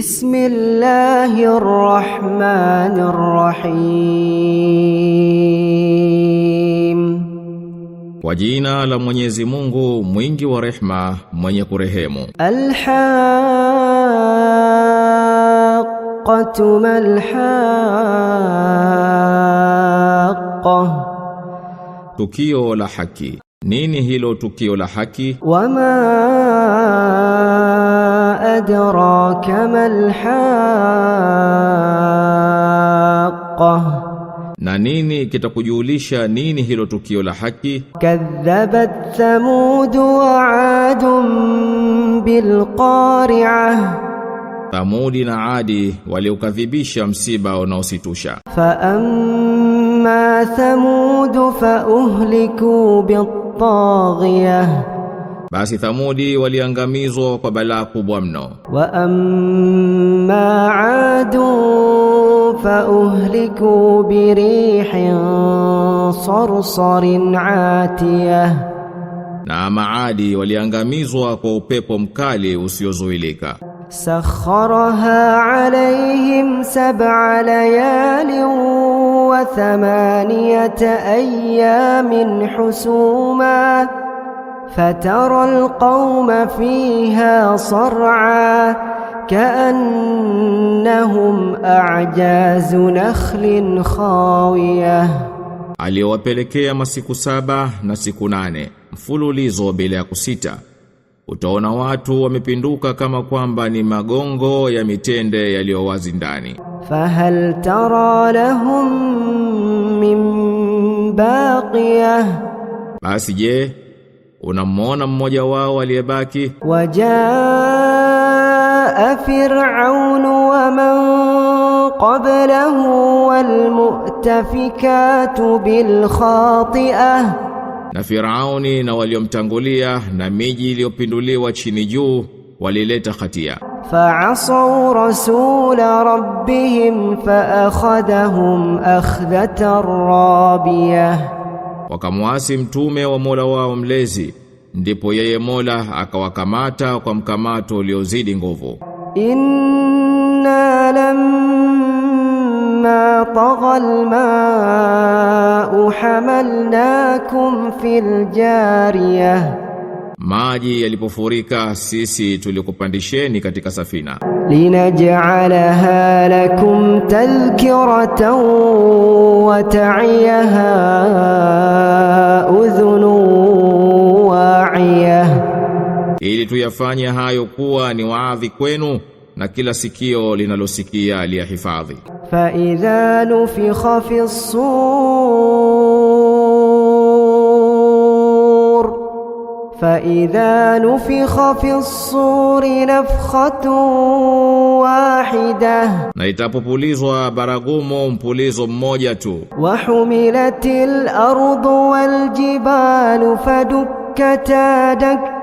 Bismillahir Rahmanir Rahim. Kwa jina la Mwenyezi Mungu mwingi wa rehma mwenye kurehemu. Alhaqqatu malhaqqa, tukio la haki. Nini hilo tukio la haki? Wama أدراك ما الحاقة na nini kitakujulisha nini hilo tukio la haki? Kadhabat Thamud wa Adun bilqari'ah, Thamudi na Adi waliukadhibisha msiba unaositusha. Fa amma Thamud fa uhliku bitaghiyah basi Thamudi waliangamizwa kwa balaa kubwa mno. Wa amma adu fa uhliku birihin sarsarin atiyah, na Maadi waliangamizwa kwa upepo mkali usiozuilika. Sakharaha alayhim sab'a layalin wa thamaniyata ayamin husuma فترى القوم فيها صرعا كأنهم أعجاز نخل خاوية aliyowapelekea masiku saba na siku nane mfululizo bila ya kusita utaona watu wamepinduka kama kwamba ni magongo ya mitende yaliyowazi ndani fahal tara lahum min baqiyah basi je unamwona mmoja wao aliyebaki. Wajaa fir'aunu wa man qablahu walmu'tafikatu bilkhati'ah, na Firauni na waliomtangulia na miji iliyopinduliwa chini juu walileta hatia. Fa'asaw rasula rabbihim fa'akhadhahum akhdhatan rabiyah wakamwasi mtume wa Mola wao mlezi ndipo yeye Mola akawakamata kwa mkamato uliozidi nguvu. Inna lam ma taghal ma uhamalnakum fil jariya maji yalipofurika sisi tulikupandisheni katika safina. Linaj'alaha lakum tadhkiratan wa ta'iyaha ili tuyafanya hayo kuwa ni waadhi kwenu na kila sikio linalosikia liyahifadhi. Fa idha nufikha fi ssur fa idha nufikha fi ssur nafkhatun wahida, na itapopulizwa baragumu mpulizo mmoja tu. Wahumilatil ardu wal jibalu fadukkata dakka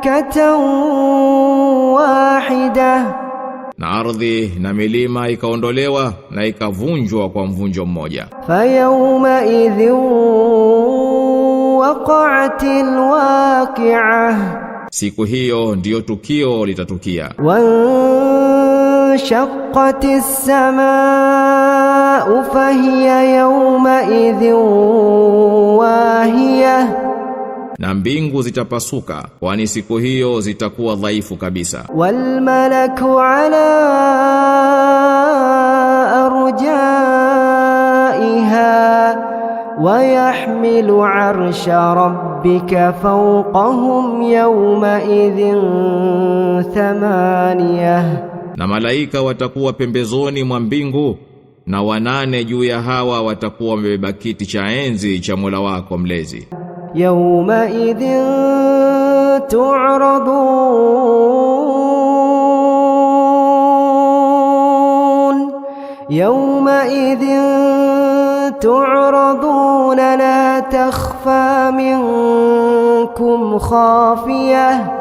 wahida, na ardhi na milima ikaondolewa na ikavunjwa kwa mvunjo mmoja. Fayauma idhin waqa'atil waqi'ah, siku hiyo ndiyo tukio litatukia. Wanshaqqatis samaa fahiya yawma idhin wahiya na mbingu zitapasuka kwani siku hiyo zitakuwa dhaifu kabisa wal malaku ala arjaiha arsha rabbika fawqahum yawma idhin thamania na malaika watakuwa pembezoni mwa mbingu na wanane juu ya hawa watakuwa wamebeba kiti cha enzi cha Mola wako mlezi يومئذ تعرضون يومئذ تعرضون لا تخفى منكم خافيه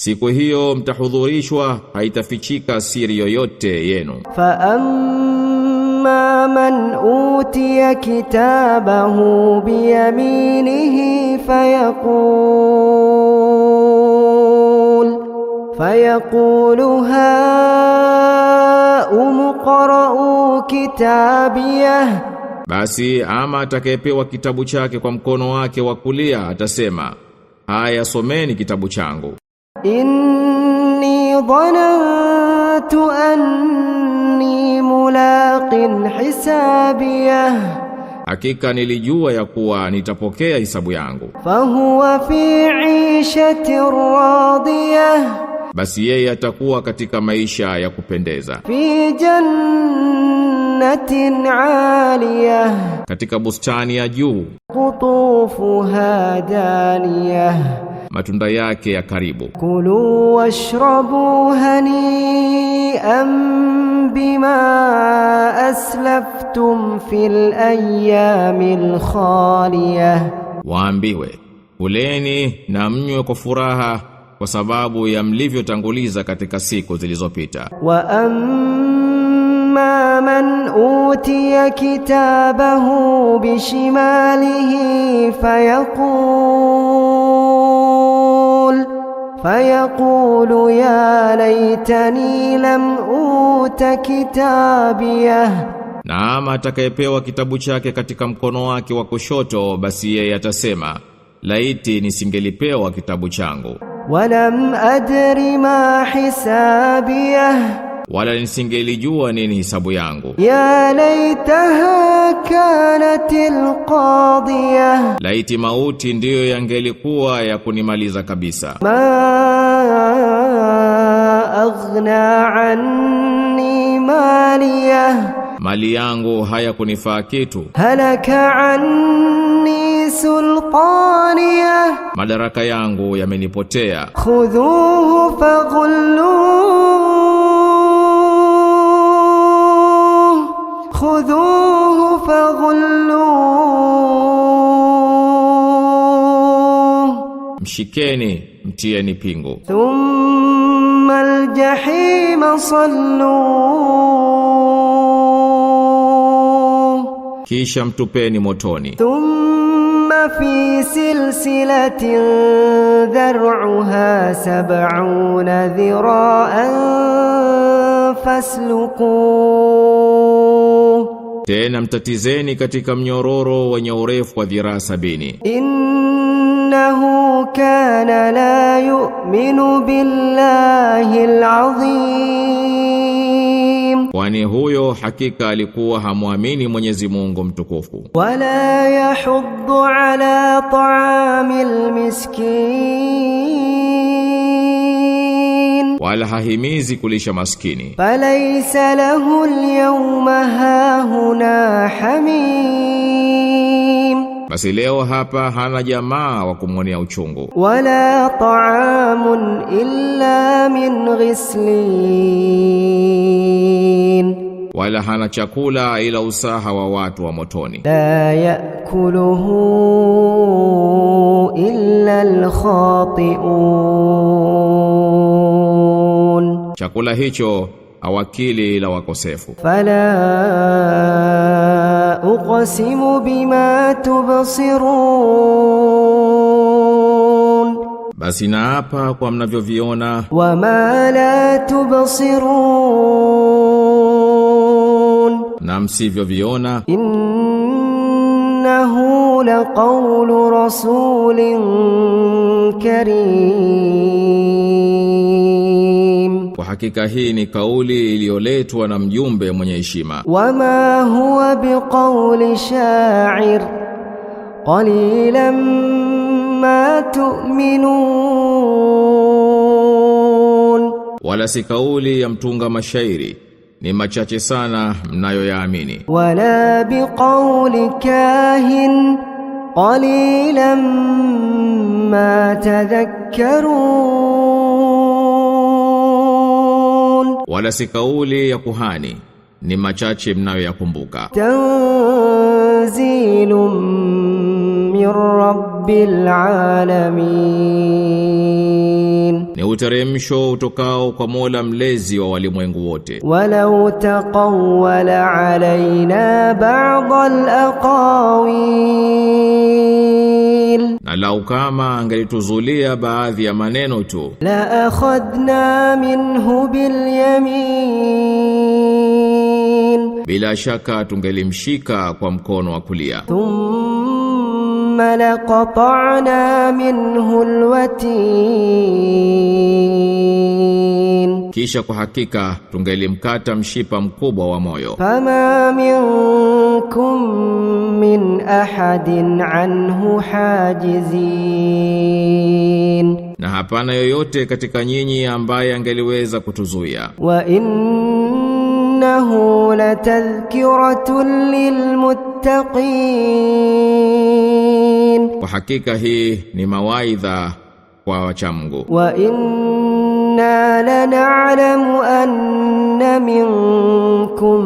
siku hiyo mtahudhurishwa haitafichika siri yoyote yenu fa amma man utiya kitabahu biyaminihi فيقول فيقول هاؤم اقرءوا كتابيه basi ama atakayepewa kitabu chake kwa mkono wake wa kulia atasema haya someni kitabu changu inni dhanantu anni mulaqin hisabiyah hakika nilijua ya kuwa nitapokea hisabu yangu. fahuwa fi ishati radiyah, basi yeye atakuwa katika maisha ya kupendeza. fi jannatin aliyah, katika bustani ya juu. kutufuha daniyah matunda yake ya karibu. Kulu washrabu hani am bima aslaftum fil ayyamil khaliya, waambiwe kuleni na mnywe kwa furaha kwa sababu ya mlivyotanguliza katika siku zilizopita. Wa amma man utiya kitabahu bishimalihi fayaqul فيقول يا ليتني لم uta kitabiyah, نعم atakayepewa kitabu chake katika mkono wake wa kushoto basi yeye atasema laiti nisingelipewa kitabu changu. walam adri ma hisabiyah wala nisingelijua nini hisabu yangu. ya laitaha kanatil qadiya, laiti mauti ndiyo yangelikuwa ya kunimaliza kabisa. ma aghna anni maliya, mali yangu hayakunifaa kitu. halaka anni sultaniya, madaraka yangu yamenipotea. khudhuhu faghullu خذوه فغلوه mshikeni mtieni pingu thumma aljahima sallu kisha mtupeni motoni thumma fi silsilatin dhar'uha sab'una dhira'an fasluquu tena mtatizeni katika mnyororo wenye urefu wa dhiraa sabini. Innahu kana la yu'minu billahi alazim, kwani huyo hakika alikuwa hamwamini Mwenyezi Mungu mtukufu. Wala yahuddu ala ta'amil miskin wala hahimizi kulisha maskini. Falaysa lahu alyawma hahuna hamim, basi leo hapa hana jamaa wa kumwonea uchungu. Wala ta'amun illa min ghislin wala hana chakula ila usaha wa watu wa motoni. La yakuluhu illa alkhatiun chakula hicho awakili la wakosefu. Fala uqsimu bima tubsirun, basi naapa kwa mnavyoviona. Wa ma la tubsirun, na msivyoviona. Innahu laqawlu rasulin karim hakika hii ni kauli iliyoletwa na mjumbe mwenye heshima. Wama huwa biqauli sha'ir qalilan ma tu'minun, wala si kauli ya mtunga mashairi ni machache sana mnayoyaamini. Wala biqauli kahin qalilan ma tadhakkarun wala si kauli ya kuhani ni machache mnayoyakumbuka tanzilum min rabbil alamin ni uteremsho utokao kwa Mola mlezi wa walimwengu wote wala taqawwala alaina ba'd al aqawil lau kama angalituzulia baadhi ya maneno tu. La akhadna minhu bil yamin, bila shaka tungelimshika kwa mkono wa kulia. Thumma laqata'na minhu alwatin, kisha kwa hakika tungelimkata mshipa mkubwa wa moyo. Fama min منكم من أحد عنه حاجزين na hapana yoyote katika nyinyi ambaye angeliweza kutuzuia. Wa innahu latadhkiratun lilmuttaqin, kwa hakika hii ni mawaidha kwa wachamgu. Wa inna إنا لنعلم أن منكم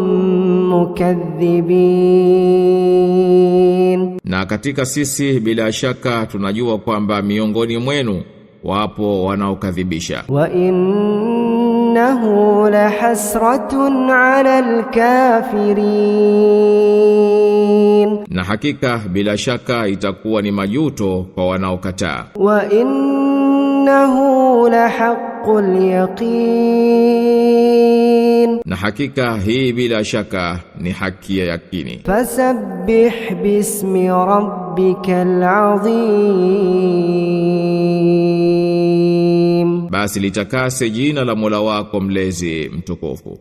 mukadhibin, na katika sisi bila shaka tunajua kwamba miongoni mwenu wapo wanaokadhibisha. Wa innahu lahasratun ala alkafirin, na hakika bila shaka itakuwa ni majuto kwa wanaokataa. Wa innahu lahaq fawqul yaqin, na hakika hii bila shaka ni haki ya yakini. Fasabbih bismi rabbikal azim, basi litakase jina la Mola wako mlezi mtukufu.